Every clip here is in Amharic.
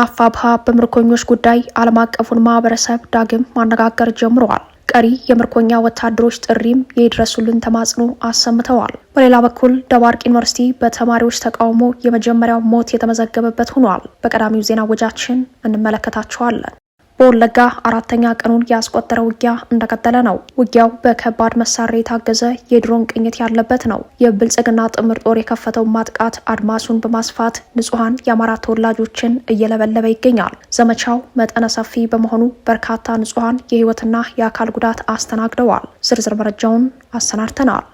አፋብሃ በምርኮኞች ጉዳይ ዓለም አቀፉን ማህበረሰብ ዳግም ማነጋገር ጀምረዋል። ቀሪ የምርኮኛ ወታደሮች ጥሪም የድረሱልን ተማጽኖ አሰምተዋል። በሌላ በኩል ደባርቅ ዩኒቨርሲቲ በተማሪዎች ተቃውሞ የመጀመሪያው ሞት የተመዘገበበት ሆኗል። በቀዳሚው ዜና ወጃችን እንመለከታቸዋለን። በወለጋ አራተኛ ቀኑን ያስቆጠረ ውጊያ እንደቀጠለ ነው። ውጊያው በከባድ መሳሪያ የታገዘ የድሮን ቅኝት ያለበት ነው። የብልጽግና ጥምር ጦር የከፈተው ማጥቃት አድማሱን በማስፋት ንጹሐን የአማራ ተወላጆችን እየለበለበ ይገኛል። ዘመቻው መጠነ ሰፊ በመሆኑ በርካታ ንጹሐን የህይወትና የአካል ጉዳት አስተናግደዋል። ዝርዝር መረጃውን አሰናድተናል።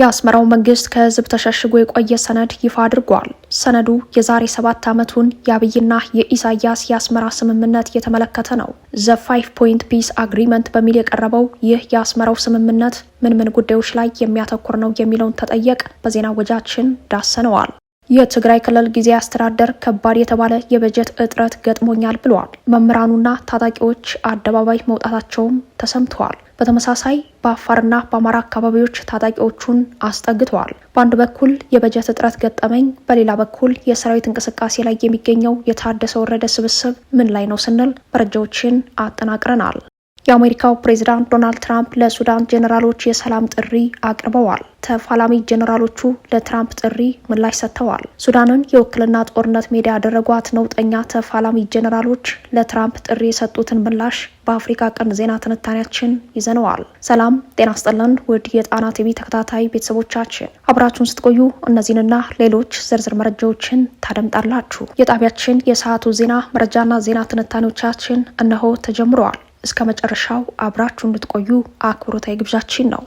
የአስመራው መንግስት ከህዝብ ተሸሽጎ የቆየ ሰነድ ይፋ አድርጓል። ሰነዱ የዛሬ ሰባት ዓመቱን የአብይና የኢሳያስ የአስመራ ስምምነት የተመለከተ ነው። ዘ ፋይቭ ፖይንት ፒስ አግሪመንት በሚል የቀረበው ይህ የአስመራው ስምምነት ምን ምን ጉዳዮች ላይ የሚያተኩር ነው የሚለውን ተጠየቅ በዜና ወጃችን ዳሰነዋል። የትግራይ ክልል ጊዜ አስተዳደር ከባድ የተባለ የበጀት እጥረት ገጥሞኛል ብለዋል። መምህራኑና ታጣቂዎች አደባባይ መውጣታቸውም ተሰምተዋል። በተመሳሳይ በአፋርና በአማራ አካባቢዎች ታጣቂዎቹን አስጠግተዋል። በአንድ በኩል የበጀት እጥረት ገጠመኝ፣ በሌላ በኩል የሰራዊት እንቅስቃሴ ላይ የሚገኘው የታደሰ ወረደ ስብስብ ምን ላይ ነው ስንል መረጃዎችን አጠናቅረናል። የአሜሪካው ፕሬዚዳንት ዶናልድ ትራምፕ ለሱዳን ጀኔራሎች የሰላም ጥሪ አቅርበዋል። ተፋላሚ ጀኔራሎቹ ለትራምፕ ጥሪ ምላሽ ሰጥተዋል። ሱዳንን የውክልና ጦርነት ሜዳ ያደረጓት ነውጠኛ ተፋላሚ ጀኔራሎች ለትራምፕ ጥሪ የሰጡትን ምላሽ በአፍሪካ ቀንድ ዜና ትንታኔያችን ይዘነዋል። ሰላም ጤና ስጠለን ውድ የጣና ቲቪ ተከታታይ ቤተሰቦቻችን አብራችሁን ስትቆዩ እነዚህንና ሌሎች ዝርዝር መረጃዎችን ታደምጣላችሁ። የጣቢያችን የሰዓቱ ዜና መረጃና ዜና ትንታኔዎቻችን እነሆ ተጀምረዋል። እስከ መጨረሻው አብራችሁ እንድትቆዩ አክብሮታዊ ግብዣችን ነው።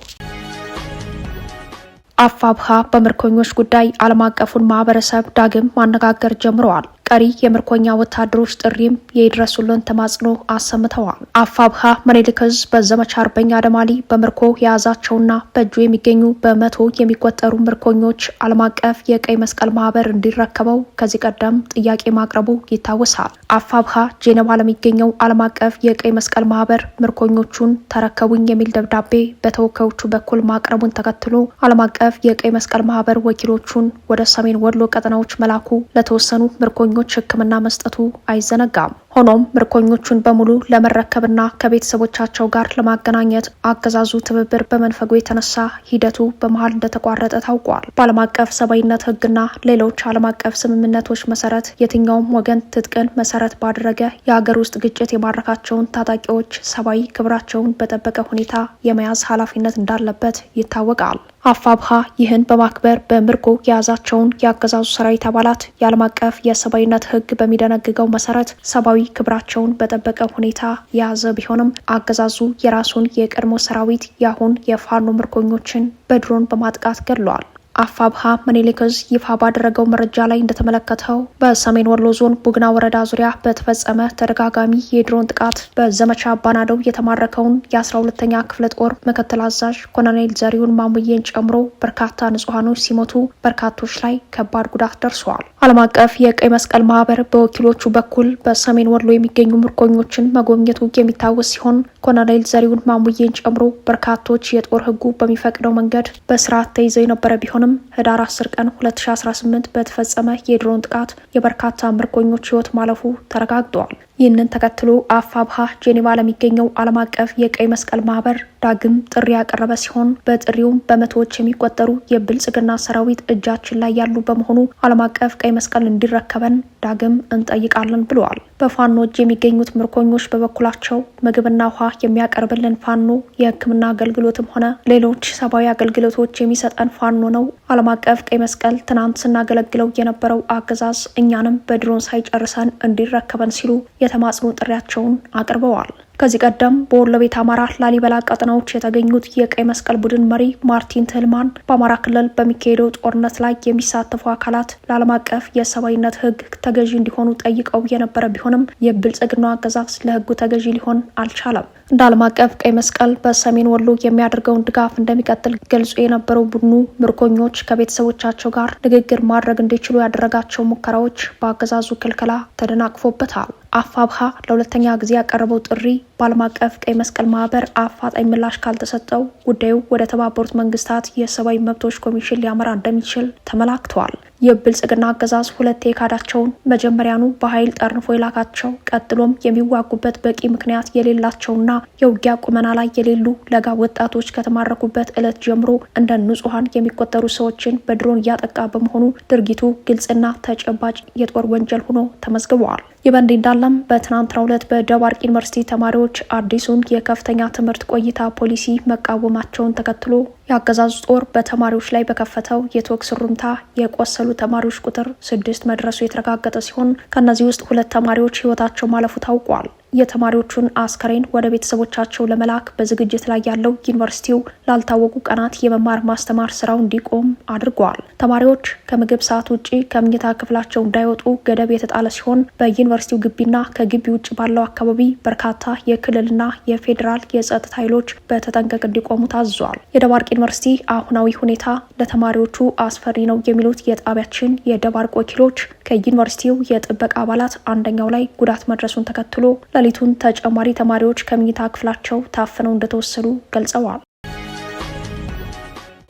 አፋብሃ በምርኮኞች ጉዳይ ዓለም አቀፉን ማህበረሰብ ዳግም ማነጋገር ጀምረዋል። ቀሪ የምርኮኛ ወታደሮች ጥሪም የድረሱልን ተማጽኖ አሰምተዋል። አፋብሃ መኔልክዝ በዘመቻ አርበኛ አደማሊ በምርኮ የያዛቸውና በእጁ የሚገኙ በመቶ የሚቆጠሩ ምርኮኞች ዓለም አቀፍ የቀይ መስቀል ማህበር እንዲረከበው ከዚህ ቀደም ጥያቄ ማቅረቡ ይታወሳል። አፋብሃ ጄኔቫ ለሚገኘው ዓለም አቀፍ የቀይ መስቀል ማህበር ምርኮኞቹን ተረከቡኝ የሚል ደብዳቤ በተወካዮቹ በኩል ማቅረቡን ተከትሎ ዓለም አቀፍ የቀይ መስቀል ማህበር ወኪሎቹን ወደ ሰሜን ወሎ ቀጠናዎች መላኩ ለተወሰኑ ምርኮኞ ለህመምተኞች ህክምና መስጠቱ አይዘነጋም። ሆኖም ምርኮኞቹን በሙሉ ለመረከብና ከቤተሰቦቻቸው ጋር ለማገናኘት አገዛዙ ትብብር በመንፈጉ የተነሳ ሂደቱ በመሀል እንደተቋረጠ ታውቋል። በዓለም አቀፍ ሰብአዊነት ሕግና ሌሎች ዓለም አቀፍ ስምምነቶች መሰረት የትኛውም ወገን ትጥቅን መሰረት ባደረገ የሀገር ውስጥ ግጭት የማረካቸውን ታጣቂዎች ሰብአዊ ክብራቸውን በጠበቀ ሁኔታ የመያዝ ኃላፊነት እንዳለበት ይታወቃል። አፋብሃ ይህን በማክበር በምርኮ የያዛቸውን የአገዛዙ ሰራዊት አባላት የዓለም አቀፍ የሰብአዊነት ሕግ በሚደነግገው መሰረት ሰብአዊ ክብራቸውን በጠበቀ ሁኔታ የያዘ ቢሆንም አገዛዙ የራሱን የቀድሞ ሰራዊት የአሁን የፋኖ ምርኮኞችን በድሮን በማጥቃት ገድለዋል። አፋብሃ ምኒልክ ይፋ ባደረገው መረጃ ላይ እንደተመለከተው በሰሜን ወሎ ዞን ቡግና ወረዳ ዙሪያ በተፈጸመ ተደጋጋሚ የድሮን ጥቃት በዘመቻ አባናደው የተማረከውን የአስራ ሁለተኛ ክፍለ ጦር ምክትል አዛዥ ኮሎኔል ዘሪሁን ማሙዬን ጨምሮ በርካታ ንጹሐኖች ሲሞቱ በርካቶች ላይ ከባድ ጉዳት ደርሰዋል። ዓለም አቀፍ የቀይ መስቀል ማህበር በወኪሎቹ በኩል በሰሜን ወሎ የሚገኙ ምርኮኞችን መጎብኘቱ የሚታወስ ሲሆን ኮሎኔል ዘሪሁን ማሙዬን ጨምሮ በርካቶች የጦር ሕጉ በሚፈቅደው መንገድ በስርዓት ተይዘው የነበረ ቢሆን ቢሆንም ህዳር 10 ቀን 2018 በተፈጸመ የድሮን ጥቃት የበርካታ ምርኮኞች ህይወት ማለፉ ተረጋግጧል። ይህንን ተከትሎ አፋብሃ ጄኔቫ ለሚገኘው ዓለም አቀፍ የቀይ መስቀል ማህበር ዳግም ጥሪ ያቀረበ ሲሆን በጥሪውም በመቶዎች የሚቆጠሩ የብልጽግና ሰራዊት እጃችን ላይ ያሉ በመሆኑ ዓለም አቀፍ ቀይ መስቀል እንዲረከበን ዳግም እንጠይቃለን ብለዋል። በፋኖ እጅ የሚገኙት ምርኮኞች በበኩላቸው ምግብና ውሃ የሚያቀርብልን ፋኖ፣ የሕክምና አገልግሎትም ሆነ ሌሎች ሰብአዊ አገልግሎቶች የሚሰጠን ፋኖ ነው። ዓለም አቀፍ ቀይ መስቀል ትናንት ስናገለግለው የነበረው አገዛዝ እኛንም በድሮን ሳይጨርሰን እንዲረከበን ሲሉ የተማጽኖ ጥሪያቸውን አቅርበዋል። ከዚህ ቀደም በወሎ ቤት አማራ ላሊበላ ቀጠናዎች የተገኙት የቀይ መስቀል ቡድን መሪ ማርቲን ትልማን በአማራ ክልል በሚካሄደው ጦርነት ላይ የሚሳተፉ አካላት ለዓለም አቀፍ የሰብአዊነት ሕግ ተገዢ እንዲሆኑ ጠይቀው የነበረ ቢሆንም የብልጽግናው አገዛዝ ለሕጉ ተገዢ ሊሆን አልቻለም። እንደ ዓለም አቀፍ ቀይ መስቀል በሰሜን ወሎ የሚያደርገውን ድጋፍ እንደሚቀጥል ገልጾ የነበረው ቡድኑ ምርኮኞች ከቤተሰቦቻቸው ጋር ንግግር ማድረግ እንዲችሉ ያደረጋቸው ሙከራዎች በአገዛዙ ክልከላ ተደናቅፎበታል። አፋብሃ ለሁለተኛ ጊዜ ያቀረበው ጥሪ በዓለም አቀፍ ቀይ መስቀል ማህበር አፋጣኝ ምላሽ ካልተሰጠው ጉዳዩ ወደ ተባበሩት መንግስታት የሰብአዊ መብቶች ኮሚሽን ሊያመራ እንደሚችል ተመላክተዋል። የብልጽግና አገዛዝ ሁለቴ የካዳቸውን መጀመሪያኑ በኃይል ጠርንፎ የላካቸው ቀጥሎም የሚዋጉበት በቂ ምክንያት የሌላቸውና የውጊያ ቁመና ላይ የሌሉ ለጋ ወጣቶች ከተማረኩበት ዕለት ጀምሮ እንደ ንጹሐን የሚቆጠሩ ሰዎችን በድሮን እያጠቃ በመሆኑ ድርጊቱ ግልጽና ተጨባጭ የጦር ወንጀል ሆኖ ተመዝግበዋል። ይህ በእንዲህ እንዳለም በትናንትናው ዕለት በደባርቅ ዩኒቨርሲቲ ተማሪዎች አዲሱን የከፍተኛ ትምህርት ቆይታ ፖሊሲ መቃወማቸውን ተከትሎ የአገዛዙ ጦር በተማሪዎች ላይ በከፈተው የተኩስ ሩምታ የቆሰሉ ተማሪዎች ቁጥር ስድስት መድረሱ የተረጋገጠ ሲሆን ከእነዚህ ውስጥ ሁለት ተማሪዎች ህይወታቸው ማለፉ ታውቋል። የተማሪዎቹን አስከሬን ወደ ቤተሰቦቻቸው ለመላክ በዝግጅት ላይ ያለው ዩኒቨርሲቲው ላልታወቁ ቀናት የመማር ማስተማር ስራው እንዲቆም አድርጓል። ተማሪዎች ከምግብ ሰዓት ውጭ ከምኝታ ክፍላቸው እንዳይወጡ ገደብ የተጣለ ሲሆን በዩኒቨርሲቲው ግቢና ከግቢ ውጭ ባለው አካባቢ በርካታ የክልልና የፌዴራል የጸጥታ ኃይሎች በተጠንቀቅ እንዲቆሙ ታዟል። የደባርቅ ዩኒቨርሲቲ አሁናዊ ሁኔታ ለተማሪዎቹ አስፈሪ ነው የሚሉት የጣቢያችን የደባርቅ ወኪሎች ከዩኒቨርሲቲው የጥበቃ አባላት አንደኛው ላይ ጉዳት መድረሱን ተከትሎ ሌሊቱን ተጨማሪ ተማሪዎች ከመኝታ ክፍላቸው ታፍነው እንደተወሰዱ ገልጸዋል።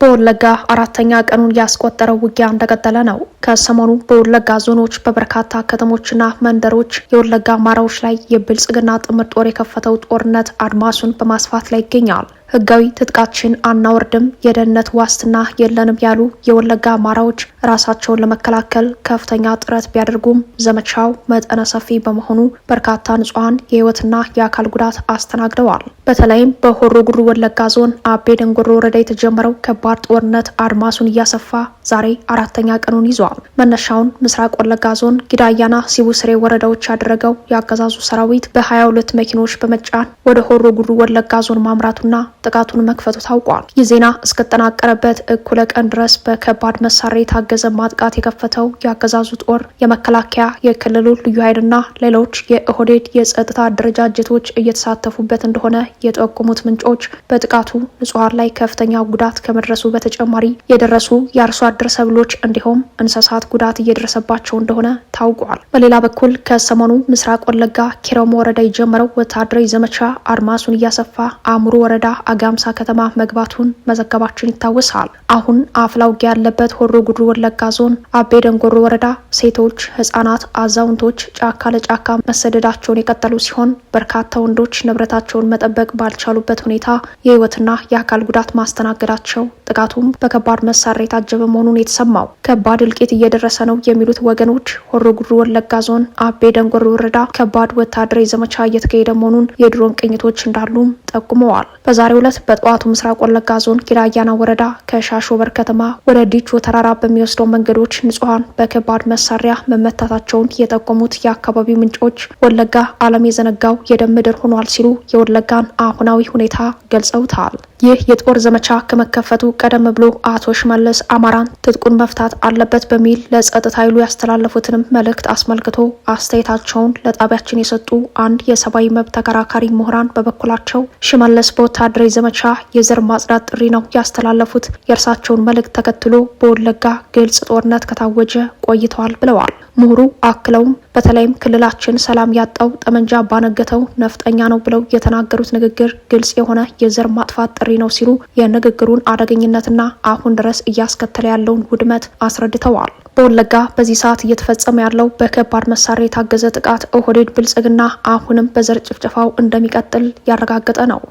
በወለጋ አራተኛ ቀኑን ያስቆጠረው ውጊያ እንደቀጠለ ነው። ከሰሞኑ በወለጋ ዞኖች በበርካታ ከተሞችና መንደሮች የወለጋ አማራዎች ላይ የብልጽግና ጥምር ጦር የከፈተው ጦርነት አድማሱን በማስፋት ላይ ይገኛል። ህጋዊ ትጥቃችን አናወርድም፣ የደህንነት ዋስትና የለንም ያሉ የወለጋ አማራዎች ራሳቸውን ለመከላከል ከፍተኛ ጥረት ቢያደርጉም ዘመቻው መጠነ ሰፊ በመሆኑ በርካታ ንጹሐን የህይወትና የአካል ጉዳት አስተናግደዋል። በተለይም በሆሮ ጉሩ ወለጋ ዞን አቤ ደንጎሮ ወረዳ የተጀመረው ከባድ ጦርነት አድማሱን እያሰፋ ዛሬ አራተኛ ቀኑን ይዟል። መነሻውን ምስራቅ ወለጋ ዞን ጊዳያና ሲቡ ስሬ ወረዳዎች ያደረገው የአገዛዙ ሰራዊት በ22 መኪኖች በመጫን ወደ ሆሮ ጉሩ ወለጋ ዞን ማምራቱና ጥቃቱን መክፈቱ ታውቋል። ይህ ዜና እስከጠናቀረበት እኩለ ቀን ድረስ በከባድ መሳሪያ የታገዘ ማጥቃት የከፈተው የአገዛዙ ጦር የመከላከያ፣ የክልሉ ልዩ ኃይልና ሌሎች የኦህዴድ የጸጥታ አደረጃጀቶች እየተሳተፉበት እንደሆነ የጠቆሙት ምንጮች በጥቃቱ ንጹሐን ላይ ከፍተኛ ጉዳት ከመድረሱ በተጨማሪ የደረሱ የአርሶ አደር ሰብሎች እንዲሁም እንስሳት ጉዳት እየደረሰባቸው እንደሆነ ታውቋል። በሌላ በኩል ከሰሞኑ ምስራቅ ወለጋ ኪረሙ ወረዳ የጀመረው ወታደራዊ ዘመቻ አድማሱን እያሰፋ አእምሩ ወረዳ አጋምሳ ከተማ መግባቱን መዘገባችን ይታወሳል። አሁን አፍላ ውጊያ ያለበት ሆሮ ጉድሩ ወለጋ ዞን አቤ ደንጎሮ ወረዳ ሴቶች፣ ህጻናት፣ አዛውንቶች ጫካ ለጫካ መሰደዳቸውን የቀጠሉ ሲሆን በርካታ ወንዶች ንብረታቸውን መጠበቅ ባልቻሉበት ሁኔታ የህይወትና የአካል ጉዳት ማስተናገዳቸው ጥቃቱም በከባድ መሳሪያ የታጀበ መሆኑን የተሰማው ከባድ እልቂት እየደረሰ ነው የሚሉት ወገኖች ሆሮ ጉድሩ ወለጋ ዞን አቤ ደንጎሮ ወረዳ ከባድ ወታደራዊ ዘመቻ እየተካሄደ መሆኑን የድሮን ቅኝቶች እንዳሉም ጠቁመዋል። በዛሬው ዕለት በጠዋቱ ምስራቅ ወለጋ ዞን ኪራያና ወረዳ ከሻ ከሾበር ከተማ ወደ ዲቾ ተራራ በሚወስደው መንገዶች ንጹሐን በከባድ መሳሪያ መመታታቸውን የጠቆሙት የአካባቢው ምንጮች ወለጋ ዓለም የዘነጋው የደም ምድር ሆኗል ሲሉ የወለጋን አሁናዊ ሁኔታ ገልጸውታል። ይህ የጦር ዘመቻ ከመከፈቱ ቀደም ብሎ አቶ ሽመለስ አማራን ትጥቁን መፍታት አለበት በሚል ለጸጥታ ኃይሉ ያስተላለፉትንም መልእክት አስመልክቶ አስተያየታቸውን ለጣቢያችን የሰጡ አንድ የሰብአዊ መብት ተከራካሪ ምሁራን በበኩላቸው ሽመለስ በወታደራዊ ዘመቻ የዘር ማጽዳት ጥሪ ነው ያስተላለፉት የእርሳ የመንግስታቸውን መልእክት ተከትሎ በወለጋ ግልጽ ጦርነት ከታወጀ ቆይተዋል ብለዋል። ምሁሩ አክለውም በተለይም ክልላችን ሰላም ያጣው ጠመንጃ ባነገተው ነፍጠኛ ነው ብለው የተናገሩት ንግግር ግልጽ የሆነ የዘር ማጥፋት ጥሪ ነው ሲሉ የንግግሩን አደገኝነትና አሁን ድረስ እያስከተለ ያለውን ውድመት አስረድተዋል። በወለጋ በዚህ ሰዓት እየተፈጸመ ያለው በከባድ መሳሪያ የታገዘ ጥቃት ኦህዴድ ብልጽግና አሁንም በዘር ጭፍጨፋው እንደሚቀጥል ያረጋገጠ ነው።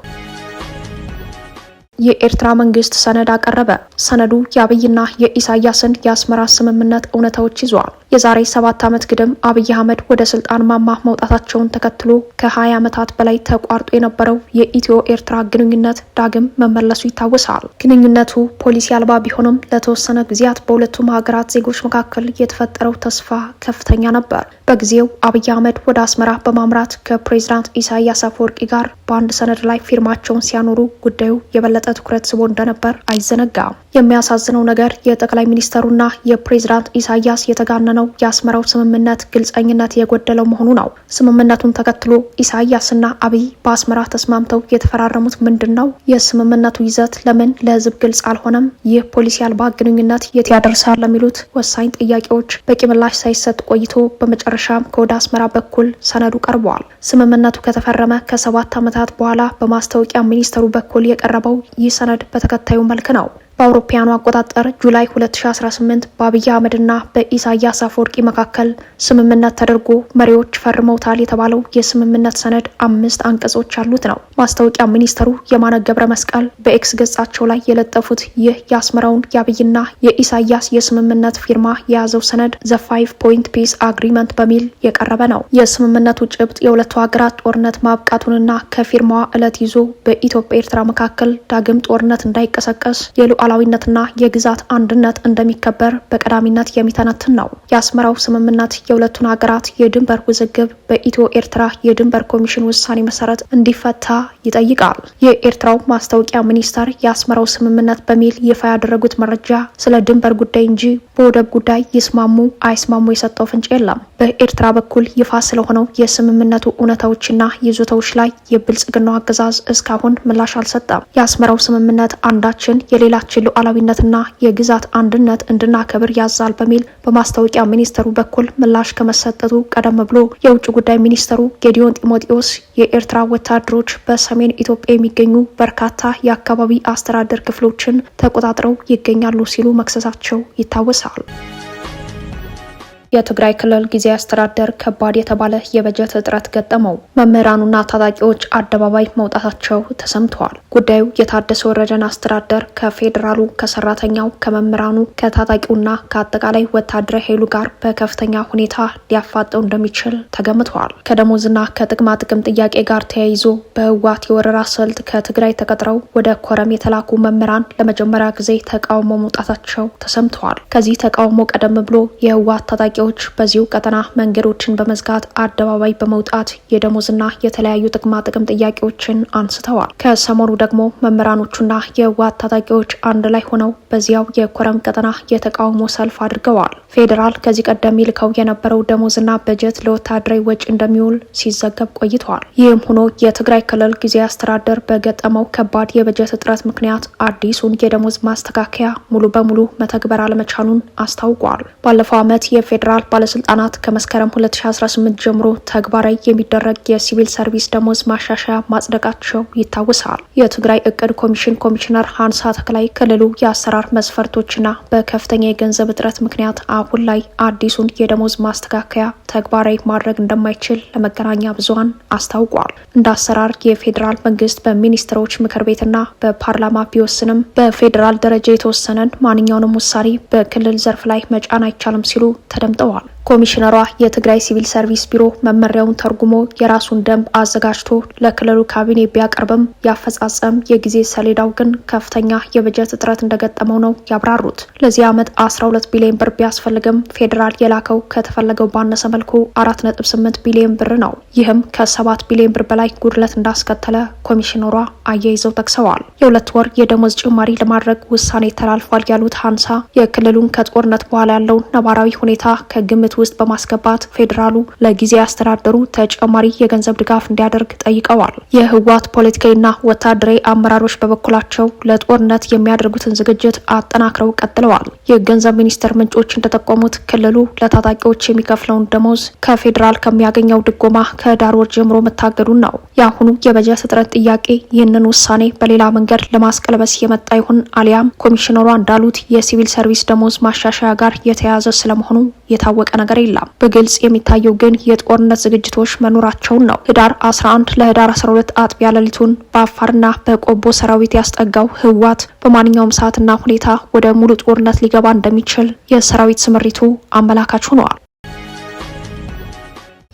የኤርትራ መንግስት ሰነድ አቀረበ። ሰነዱ የአብይና የኢሳያስን የአስመራ ስምምነት እውነታዎች ይዟል። የዛሬ ሰባት ዓመት ግድም አብይ አህመድ ወደ ስልጣን ማማ መውጣታቸውን ተከትሎ ከ20 ዓመታት በላይ ተቋርጦ የነበረው የኢትዮ ኤርትራ ግንኙነት ዳግም መመለሱ ይታወሳል። ግንኙነቱ ፖሊሲ አልባ ቢሆንም ለተወሰነ ጊዜያት በሁለቱም ሀገራት ዜጎች መካከል የተፈጠረው ተስፋ ከፍተኛ ነበር። በጊዜው አብይ አህመድ ወደ አስመራ በማምራት ከፕሬዚዳንት ኢሳያስ አፈወርቂ ጋር በአንድ ሰነድ ላይ ፊርማቸውን ሲያኖሩ ጉዳዩ የበለጠ ትኩረት ስቦ እንደነበር አይዘነጋም። የሚያሳዝነው ነገር የጠቅላይ ሚኒስተሩና የፕሬዝዳንት ኢሳያስ የተጋነነው የአስመራው ስምምነት ግልጸኝነት የጎደለው መሆኑ ነው። ስምምነቱን ተከትሎ ኢሳያስና አብይ በአስመራ ተስማምተው የተፈራረሙት ምንድን ነው? የስምምነቱ ይዘት ለምን ለህዝብ ግልጽ አልሆነም? ይህ ፖሊሲ አልባ ግንኙነት የት ያደርሳል? ለሚሉት ወሳኝ ጥያቄዎች በቂ ምላሽ ሳይሰጥ ቆይቶ በመጨረሻም ከወደ አስመራ በኩል ሰነዱ ቀርበዋል። ስምምነቱ ከተፈረመ ከሰባት ዓመታት በኋላ በማስታወቂያ ሚኒስተሩ በኩል የቀረበው ይህ ሰነድ በተከታዩ መልክ ነው። በአውሮፓውያኑ አቆጣጠር ጁላይ 2018 በአብይ አህመድና በኢሳያስ አፈወርቂ መካከል ስምምነት ተደርጎ መሪዎች ፈርመውታል የተባለው የስምምነት ሰነድ አምስት አንቀጾች ያሉት ነው። ማስታወቂያ ሚኒስተሩ የማነ ገብረ መስቀል በኤክስ ገጻቸው ላይ የለጠፉት ይህ የአስመራውን የአብይና የኢሳያስ የስምምነት ፊርማ የያዘው ሰነድ ዘ ፋይቭ ፖይንት ፒስ አግሪመንት በሚል የቀረበ ነው። የስምምነቱ ጭብጥ የሁለቱ ሀገራት ጦርነት ማብቃቱንና ከፊርማዋ ዕለት ይዞ በኢትዮጵያ ኤርትራ መካከል ዳግም ጦርነት እንዳይቀሰቀስ የሉ ሉዓላዊነትና የግዛት አንድነት እንደሚከበር በቀዳሚነት የሚተነትን ነው። የአስመራው ስምምነት የሁለቱን ሀገራት የድንበር ውዝግብ በኢትዮ ኤርትራ የድንበር ኮሚሽን ውሳኔ መሰረት እንዲፈታ ይጠይቃል። የኤርትራው ማስታወቂያ ሚኒስተር የአስመራው ስምምነት በሚል ይፋ ያደረጉት መረጃ ስለ ድንበር ጉዳይ እንጂ በወደብ ጉዳይ ይስማሙ አይስማሙ የሰጠው ፍንጭ የለም። በኤርትራ በኩል ይፋ ስለሆነው የስምምነቱ እውነታዎችና ይዞታዎች ላይ የብልጽግናው አገዛዝ እስካሁን ምላሽ አልሰጠም። የአስመራው ስምምነት አንዳችን የሌላችን የሀገራችን ሉዓላዊነትና የግዛት አንድነት እንድናከብር ያዛል በሚል በማስታወቂያ ሚኒስተሩ በኩል ምላሽ ከመሰጠቱ ቀደም ብሎ የውጭ ጉዳይ ሚኒስተሩ ጌዲዮን ጢሞቴዎስ የኤርትራ ወታደሮች በሰሜን ኢትዮጵያ የሚገኙ በርካታ የአካባቢ አስተዳደር ክፍሎችን ተቆጣጥረው ይገኛሉ ሲሉ መክሰሳቸው ይታወሳል። የትግራይ ክልል ጊዜ አስተዳደር ከባድ የተባለ የበጀት እጥረት ገጠመው። መምህራኑና ታጣቂዎች አደባባይ መውጣታቸው ተሰምተዋል። ጉዳዩ የታደሰ ወረደን አስተዳደር ከፌዴራሉ፣ ከሰራተኛው፣ ከመምህራኑ፣ ከታጣቂውና ከአጠቃላይ ወታደራዊ ኃይሉ ጋር በከፍተኛ ሁኔታ ሊያፋጠው እንደሚችል ተገምተዋል። ከደሞዝና ከጥቅማ ጥቅም ጥያቄ ጋር ተያይዞ በህወሓት የወረራ ስልት ከትግራይ ተቀጥረው ወደ ኮረም የተላኩ መምህራን ለመጀመሪያ ጊዜ ተቃውሞ መውጣታቸው ተሰምተዋል። ከዚህ ተቃውሞ ቀደም ብሎ የህወሓት ታጣቂ ተጠያቂዎች በዚሁ ቀጠና መንገዶችን በመዝጋት አደባባይ በመውጣት የደሞዝና የተለያዩ ጥቅማ ጥቅም ጥያቄዎችን አንስተዋል። ከሰሞኑ ደግሞ መምህራኖቹና የህወሓት ታጣቂዎች አንድ ላይ ሆነው በዚያው የኮረም ቀጠና የተቃውሞ ሰልፍ አድርገዋል። ፌዴራል ከዚህ ቀደም ይልከው የነበረው ደሞዝና በጀት ለወታደራዊ ወጪ እንደሚውል ሲዘገብ ቆይተዋል። ይህም ሆኖ የትግራይ ክልል ጊዜያዊ አስተዳደር በገጠመው ከባድ የበጀት እጥረት ምክንያት አዲሱን የደሞዝ ማስተካከያ ሙሉ በሙሉ መተግበር አለመቻሉን አስታውቋል። ባለፈው ዓመት የፌዴራል የፌዴራል ባለስልጣናት ከመስከረም 2018 ጀምሮ ተግባራዊ የሚደረግ የሲቪል ሰርቪስ ደሞዝ ማሻሻያ ማጽደቃቸው ይታወሳል። የትግራይ እቅድ ኮሚሽን ኮሚሽነር ሀንሳ ተክላይ ክልሉ የአሰራር መስፈርቶችና በከፍተኛ የገንዘብ እጥረት ምክንያት አሁን ላይ አዲሱን የደሞዝ ማስተካከያ ተግባራዊ ማድረግ እንደማይችል ለመገናኛ ብዙሀን አስታውቋል። እንደ አሰራር የፌዴራል መንግስት በሚኒስትሮች ምክር ቤትና በፓርላማ ቢወስንም በፌዴራል ደረጃ የተወሰነን ማንኛውንም ውሳኔ በክልል ዘርፍ ላይ መጫን አይቻልም ሲሉ ተደምጠ ሰጥተዋል። ኮሚሽነሯ የትግራይ ሲቪል ሰርቪስ ቢሮ መመሪያውን ተርጉሞ የራሱን ደንብ አዘጋጅቶ ለክልሉ ካቢኔ ቢያቀርብም ያፈጻጸም የጊዜ ሰሌዳው ግን ከፍተኛ የበጀት እጥረት እንደገጠመው ነው ያብራሩት። ለዚህ ዓመት 12 ቢሊዮን ብር ቢያስፈልግም ፌዴራል የላከው ከተፈለገው ባነሰ መልኩ 4.8 ቢሊዮን ብር ነው። ይህም ከ7 ቢሊዮን ብር በላይ ጉድለት እንዳስከተለ ኮሚሽነሯ አያይዘው ጠቅሰዋል። የሁለት ወር የደሞዝ ጭማሪ ለማድረግ ውሳኔ ተላልፏል ያሉት ሀንሳ የክልሉን ከጦርነት በኋላ ያለውን ነባራዊ ሁኔታ ከግምት ውስጥ በማስገባት ፌዴራሉ ለጊዜ አስተዳደሩ ተጨማሪ የገንዘብ ድጋፍ እንዲያደርግ ጠይቀዋል። የህወሓት ፖለቲካዊና ወታደራዊ አመራሮች በበኩላቸው ለጦርነት የሚያደርጉትን ዝግጅት አጠናክረው ቀጥለዋል። የገንዘብ ሚኒስቴር ምንጮች እንደጠቆሙት ክልሉ ለታጣቂዎች የሚከፍለውን ደሞዝ ከፌዴራል ከሚያገኘው ድጎማ ከህዳር ወር ጀምሮ መታገዱን ነው። የአሁኑ የበጀት እጥረት ጥያቄ ይህንን ውሳኔ በሌላ መንገድ ለማስቀልበስ የመጣ ይሁን አሊያም ኮሚሽነሯ እንዳሉት የሲቪል ሰርቪስ ደሞዝ ማሻሻያ ጋር የተያያዘ ስለመሆኑ የታወቀ ነገር የለም። በግልጽ የሚታየው ግን የጦርነት ዝግጅቶች መኖራቸውን ነው። ህዳር 11 ለህዳር 12 አጥቢያ ሌሊቱን በአፋርና በቆቦ ሰራዊት ያስጠጋው ህወሓት በማንኛውም ሰዓትና ሁኔታ ወደ ሙሉ ጦርነት ሊገባ እንደሚችል የሰራዊት ስምሪቱ አመላካች ሆነዋል።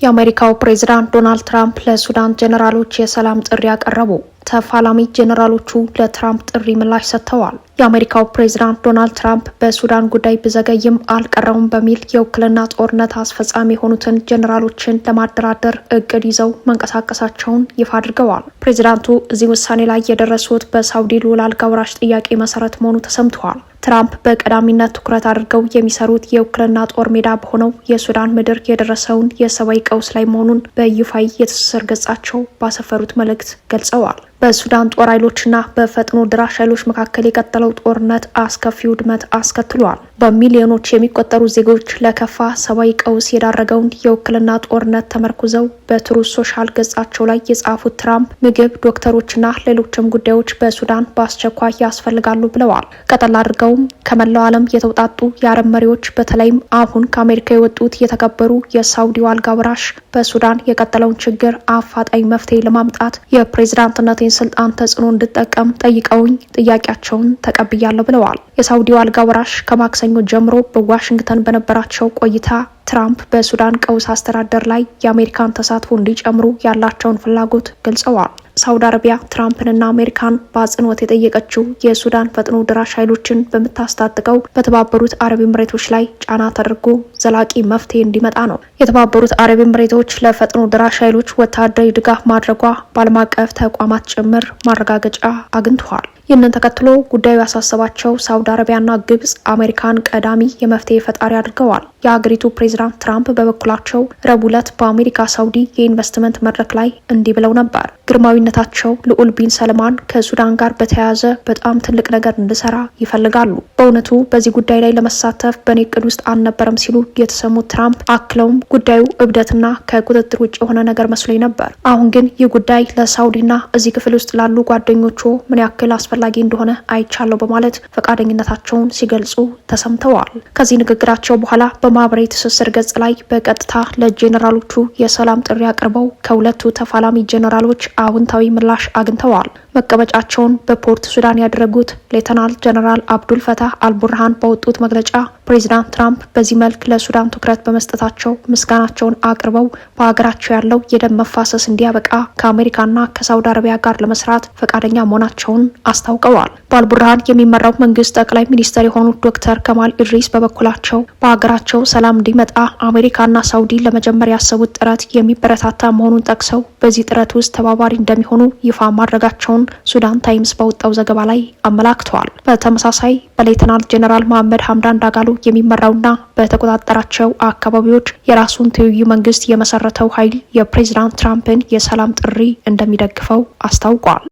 የአሜሪካው ፕሬዚዳንት ዶናልድ ትራምፕ ለሱዳን ጀኔራሎች የሰላም ጥሪ አቀረቡ። ተፋላሚ ጄኔራሎቹ ለትራምፕ ጥሪ ምላሽ ሰጥተዋል። የአሜሪካው ፕሬዚዳንት ዶናልድ ትራምፕ በሱዳን ጉዳይ ብዘገይም አልቀረውም በሚል የውክልና ጦርነት አስፈጻሚ የሆኑትን ጄኔራሎችን ለማደራደር እቅድ ይዘው መንቀሳቀሳቸውን ይፋ አድርገዋል። ፕሬዚዳንቱ እዚህ ውሳኔ ላይ የደረሱት በሳውዲ ልዑል አልጋ ወራሽ ጥያቄ መሰረት መሆኑ ተሰምተዋል። ትራምፕ በቀዳሚነት ትኩረት አድርገው የሚሰሩት የውክልና ጦር ሜዳ በሆነው የሱዳን ምድር የደረሰውን የሰብአዊ ቀውስ ላይ መሆኑን በይፋይ የትስስር ገጻቸው ባሰፈሩት መልእክት ገልጸዋል። በሱዳን ጦር ኃይሎችና በፈጥኖ ድራሽ ኃይሎች መካከል የቀጠለው ጦርነት አስከፊ ውድመት አስከትሏል። በሚሊዮኖች የሚቆጠሩ ዜጎች ለከፋ ሰብአዊ ቀውስ የዳረገውን የውክልና ጦርነት ተመርኩዘው በትሩዝ ሶሻል ገጻቸው ላይ የጻፉት ትራምፕ ምግብ፣ ዶክተሮችና ሌሎችም ጉዳዮች በሱዳን በአስቸኳይ ያስፈልጋሉ ብለዋል። ቀጠል አድርገውም ከመላው ዓለም የተውጣጡ የአረብ መሪዎች በተለይም አሁን ከአሜሪካ የወጡት የተከበሩ የሳውዲው አልጋ ወራሽ በሱዳን የቀጠለውን ችግር አፋጣኝ መፍትሄ ለማምጣት የፕሬዝዳንትነት ስልጣን ተጽዕኖ እንድጠቀም ጠይቀውኝ ጥያቄያቸውን ተቀብያለሁ ብለዋል። የሳውዲው አልጋ ወራሽ ከማክሰኞ ጀምሮ በዋሽንግተን በነበራቸው ቆይታ ትራምፕ በሱዳን ቀውስ አስተዳደር ላይ የአሜሪካን ተሳትፎ እንዲጨምሩ ያላቸውን ፍላጎት ገልጸዋል። ሳውዲ አረቢያ ትራምፕንና አሜሪካን በአጽንኦት የጠየቀችው የሱዳን ፈጥኖ ድራሽ ኃይሎችን በምታስታጥቀው በተባበሩት አረብ ኤምሬቶች ላይ ጫና ተደርጎ ዘላቂ መፍትሄ እንዲመጣ ነው። የተባበሩት አረብ ኤምሬቶች ለፈጥኖ ድራሽ ኃይሎች ወታደራዊ ድጋፍ ማድረጓ በዓለም አቀፍ ተቋማት ጭምር ማረጋገጫ አግኝተዋል። ይህንን ተከትሎ ጉዳዩ ያሳሰባቸው ሳውዲ አረቢያና ግብጽ አሜሪካን ቀዳሚ የመፍትሄ ፈጣሪ አድርገዋል። የሀገሪቱ ፕሬዚዳንት ትራምፕ በበኩላቸው ረቡዕ ዕለት በአሜሪካ ሳውዲ የኢንቨስትመንት መድረክ ላይ እንዲህ ብለው ነበር። ግርማዊነታቸው ልዑል ቢን ሰልማን ከሱዳን ጋር በተያያዘ በጣም ትልቅ ነገር እንድሰራ ይፈልጋሉ። በእውነቱ በዚህ ጉዳይ ላይ ለመሳተፍ በእኔ እቅድ ውስጥ አልነበረም ሲሉ የተሰሙት ትራምፕ አክለውም ጉዳዩ እብደትና ከቁጥጥር ውጭ የሆነ ነገር መስሎኝ ነበር። አሁን ግን ይህ ጉዳይ ለሳውዲና እዚህ ክፍል ውስጥ ላሉ ጓደኞቹ ምን ያክል አስፈላጊ አስፈላጊ እንደሆነ አይቻለሁ በማለት ፈቃደኝነታቸውን ሲገልጹ ተሰምተዋል። ከዚህ ንግግራቸው በኋላ በማህበራዊ ትስስር ገጽ ላይ በቀጥታ ለጄኔራሎቹ የሰላም ጥሪ አቅርበው ከሁለቱ ተፋላሚ ጄኔራሎች አዎንታዊ ምላሽ አግኝተዋል። መቀመጫቸውን በፖርት ሱዳን ያደረጉት ሌተናል ጀነራል አብዱል ፈታህ አልቡርሃን በወጡት መግለጫ ፕሬዚዳንት ትራምፕ በዚህ መልክ ለሱዳን ትኩረት በመስጠታቸው ምስጋናቸውን አቅርበው በሀገራቸው ያለው የደም መፋሰስ እንዲያበቃ ከአሜሪካና ከሳውዲ አረቢያ ጋር ለመስራት ፈቃደኛ መሆናቸውን አስታውቀዋል። በአልቡርሃን የሚመራው መንግስት ጠቅላይ ሚኒስተር የሆኑት ዶክተር ከማል ኢድሪስ በበኩላቸው በሀገራቸው ሰላም እንዲመጣ አሜሪካና ሳውዲ ለመጀመር ያሰቡት ጥረት የሚበረታታ መሆኑን ጠቅሰው በዚህ ጥረት ውስጥ ተባባሪ እንደሚሆኑ ይፋ ማድረጋቸውን መሆናቸውን ሱዳን ታይምስ በወጣው ዘገባ ላይ አመላክተዋል። በተመሳሳይ በሌተናል ጄኔራል መሐመድ ሀምዳን ዳጋሎ የሚመራውና በተቆጣጠራቸው አካባቢዎች የራሱን ትይዩ መንግስት የመሰረተው ኃይል የፕሬዚዳንት ትራምፕን የሰላም ጥሪ እንደሚደግፈው አስታውቋል።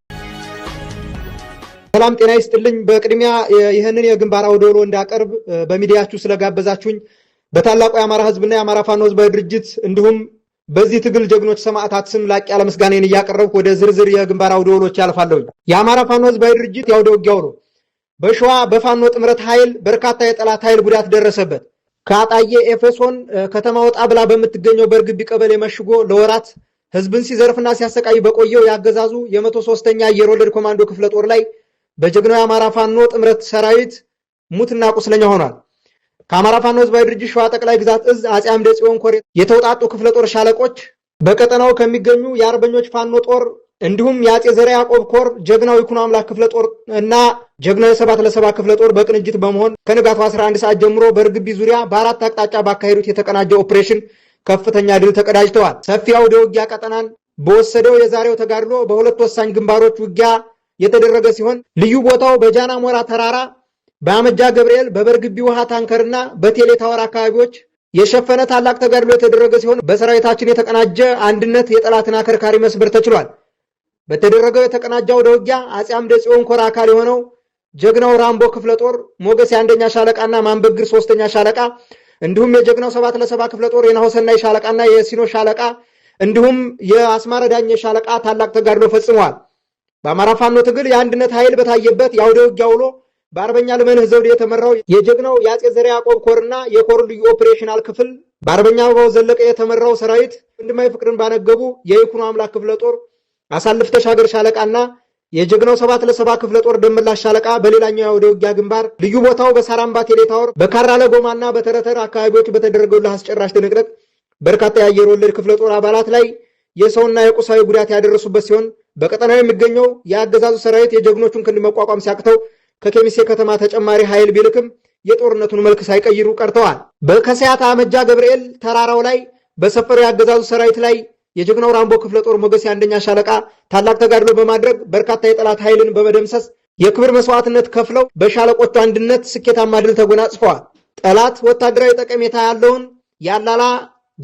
ሰላም ጤና ይስጥልኝ። በቅድሚያ ይህንን የግንባር አውደ ውሎ እንዳቀርብ በሚዲያችሁ ስለጋበዛችሁኝ በታላቁ የአማራ ህዝብና የአማራ ፋኖ ህዝባዊ ድርጅት እንዲሁም በዚህ ትግል ጀግኖች ሰማዕታት ስም ላቅ ያለ ምስጋናን እያቀረብኩ ወደ ዝርዝር የግንባር አውደ ውሎች ያልፋለሁ። የአማራ ፋኖ ህዝባዊ ድርጅት የአውደ ውጊያ ነው። በሸዋ በፋኖ ጥምረት ኃይል በርካታ የጠላት ኃይል ጉዳት ደረሰበት። ከአጣዬ ኤፌሶን ከተማ ወጣ ብላ በምትገኘው በእርግቢ ቀበሌ መሽጎ ለወራት ህዝብን ሲዘርፍና ሲያሰቃይ በቆየው የአገዛዙ የመቶ ሶስተኛ አየር ወለድ ኮማንዶ ክፍለ ጦር ላይ በጀግናው የአማራ ፋኖ ጥምረት ሰራዊት ሙትና ቁስለኛ ሆኗል። ከአማራ ፋኖ ህዝባዊ ድርጅት ሸዋ ጠቅላይ ግዛት እዝ አጼ አምደ ጽዮን ኮር የተውጣጡ ክፍለ ጦር ሻለቆች በቀጠናው ከሚገኙ የአርበኞች ፋኖ ጦር እንዲሁም የአጼ ዘርዓ ያዕቆብ ኮር ጀግናው ይኩኖ አምላክ ክፍለ ጦር እና ጀግናው የሰባት ለሰባ ክፍለ ጦር በቅንጅት በመሆን ከንጋቱ 11 ሰዓት ጀምሮ በእርግቢ ዙሪያ በአራት አቅጣጫ ባካሄዱት የተቀናጀ ኦፕሬሽን ከፍተኛ ድል ተቀዳጅተዋል። ሰፊ አውደ ውጊያ ቀጠናን በወሰደው የዛሬው ተጋድሎ በሁለት ወሳኝ ግንባሮች ውጊያ የተደረገ ሲሆን ልዩ ቦታው በጃና ሞራ ተራራ በአመጃ ገብርኤል በበርግቢ ውሃ ታንከርና በቴሌ ታወር አካባቢዎች የሸፈነ ታላቅ ተጋድሎ የተደረገ ሲሆን በሰራዊታችን የተቀናጀ አንድነት የጠላትን አከርካሪ መስበር ተችሏል። በተደረገው የተቀናጀ አውደ ውጊያ አምደ ጽዮን ኮር አካል የሆነው ጀግናው ራምቦ ክፍለ ጦር ሞገስ የአንደኛ ሻለቃና ማንበግር ሶስተኛ ሻለቃ እንዲሁም የጀግናው ሰባት ለሰባ ክፍለ ጦር የናሆሰናይ ሻለቃና የሲኖ ሻለቃ እንዲሁም የአስማረ ዳኘ ሻለቃ ታላቅ ተጋድሎ ፈጽመዋል። በአማራ ፋኖ ትግል የአንድነት ኃይል በታየበት የአውደ ውጊያ ውሎ በአርበኛ ልመንህ ዘውድ የተመራው የጀግናው የአጼ ዘርዓ ያዕቆብ ኮርና የኮር ልዩ ኦፕሬሽናል ክፍል በአርበኛ አበባው ዘለቀ የተመራው ሰራዊት ወንድማዊ ፍቅርን ባነገቡ የይኩኖ አምላክ ክፍለ ጦር አሳልፍ ተሻገር ሻለቃና የጀግናው ሰባት ለሰባ ክፍለ ጦር ደመላሽ ሻለቃ በሌላኛው የአውደ ውጊያ ግንባር ልዩ ቦታው በሳራምባ ቴሌታወር በካራ ለጎማና በተረተር አካባቢዎች በተደረገው አስጨራሽ ትንቅንቅ በርካታ የአየር ወለድ ክፍለ ጦር አባላት ላይ የሰውና የቁሳዊ ጉዳት ያደረሱበት ሲሆን በቀጠናው የሚገኘው የአገዛዙ ሰራዊት የጀግኖቹን ክንድ መቋቋም ሲያቅተው ከኬሚሴ ከተማ ተጨማሪ ኃይል ቢልክም የጦርነቱን መልክ ሳይቀይሩ ቀርተዋል። በከሰያታ አመጃ ገብርኤል ተራራው ላይ በሰፈረው የአገዛዙ ሰራዊት ላይ የጀግናው ራምቦ ክፍለ ጦር ሞገስ የአንደኛ ሻለቃ ታላቅ ተጋድሎ በማድረግ በርካታ የጠላት ኃይልን በመደምሰስ የክብር መስዋዕትነት ከፍለው በሻለቆቹ አንድነት ስኬታማ ድል ተጎናጽፈዋል። ጠላት ወታደራዊ ጠቀሜታ ያለውን የአላላ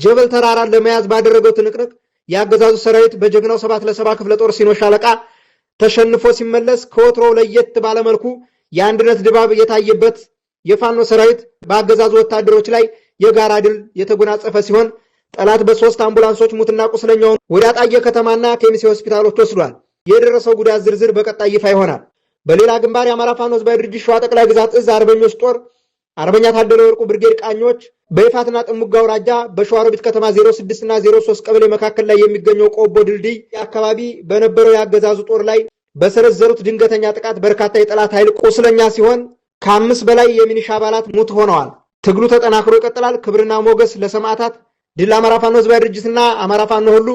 ጀበል ተራራን ለመያዝ ባደረገው ትንቅንቅ የአገዛዙ ሰራዊት በጀግናው ሰባት ለሰባ ክፍለ ጦር ሲኖ ሻለቃ ተሸንፎ ሲመለስ ከወትሮው ለየት ባለመልኩ የአንድነት ድባብ የታየበት የፋኖ ሰራዊት በአገዛዙ ወታደሮች ላይ የጋራ ድል የተጎናጸፈ ሲሆን ጠላት በሶስት አምቡላንሶች ሙትና ቁስለኛውን ወደ አጣየ ከተማና ከሚሴ ሆስፒታሎች ወስዷል። የደረሰው ጉዳት ዝርዝር በቀጣይ ይፋ ይሆናል። በሌላ ግንባር የአማራ ፋኖ ህዝባዊ ድርጅት ሸዋ ጠቅላይ ግዛት እዝ አርበኞች ጦር አርበኛ ታደለ ወርቁ ብርጌድ ቃኞች በይፋትና ጥሙጋ አውራጃ በሸዋሮቢት ከተማ 06 እና 03 ቀበሌ መካከል ላይ የሚገኘው ቆቦ ድልድይ አካባቢ በነበረው የአገዛዙ ጦር ላይ በሰረዘሩት ድንገተኛ ጥቃት በርካታ የጠላት ኃይል ቁስለኛ ሲሆን ከአምስት በላይ የሚኒሻ አባላት ሙት ሆነዋል። ትግሉ ተጠናክሮ ይቀጥላል። ክብርና ሞገስ ለሰማዕታት። ድል አማራ ፋኖ ህዝባዊ ድርጅትና አማራ ፋኖ ሁሉ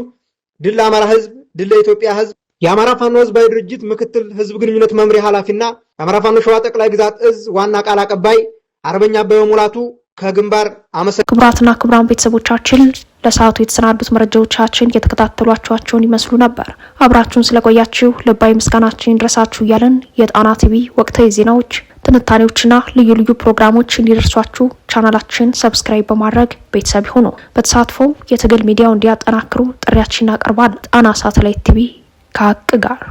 ድል አማራ ህዝብ፣ ድል ለኢትዮጵያ ህዝብ። የአማራ ፋኖ ህዝባዊ ድርጅት ምክትል ህዝብ ግንኙነት መምሪያ ኃላፊና የአማራ ፋኖ ሸዋ ጠቅላይ ግዛት እዝ ዋና ቃል አቀባይ አርበኛ አበበ ሙላቱ ከግንባር አመሰ ክቡራትና ክቡራን ቤተሰቦቻችን ለሰዓቱ የተሰናዱት መረጃዎቻችን የተከታተሏቸኋቸውን ይመስሉ ነበር። አብራችሁን ስለቆያችሁ ልባዊ ምስጋናችን ይድረሳችሁ እያለን የጣና ቲቪ ወቅታዊ ዜናዎች፣ ትንታኔዎችና ልዩ ልዩ ፕሮግራሞች እንዲደርሷችሁ ቻናላችን ሰብስክራይብ በማድረግ ቤተሰብ ሆኖ በተሳትፎ የትግል ሚዲያው እንዲያጠናክሩ ጥሪያችን እናቀርባለን። ጣና ሳተላይት ቲቪ ከሀቅ ጋር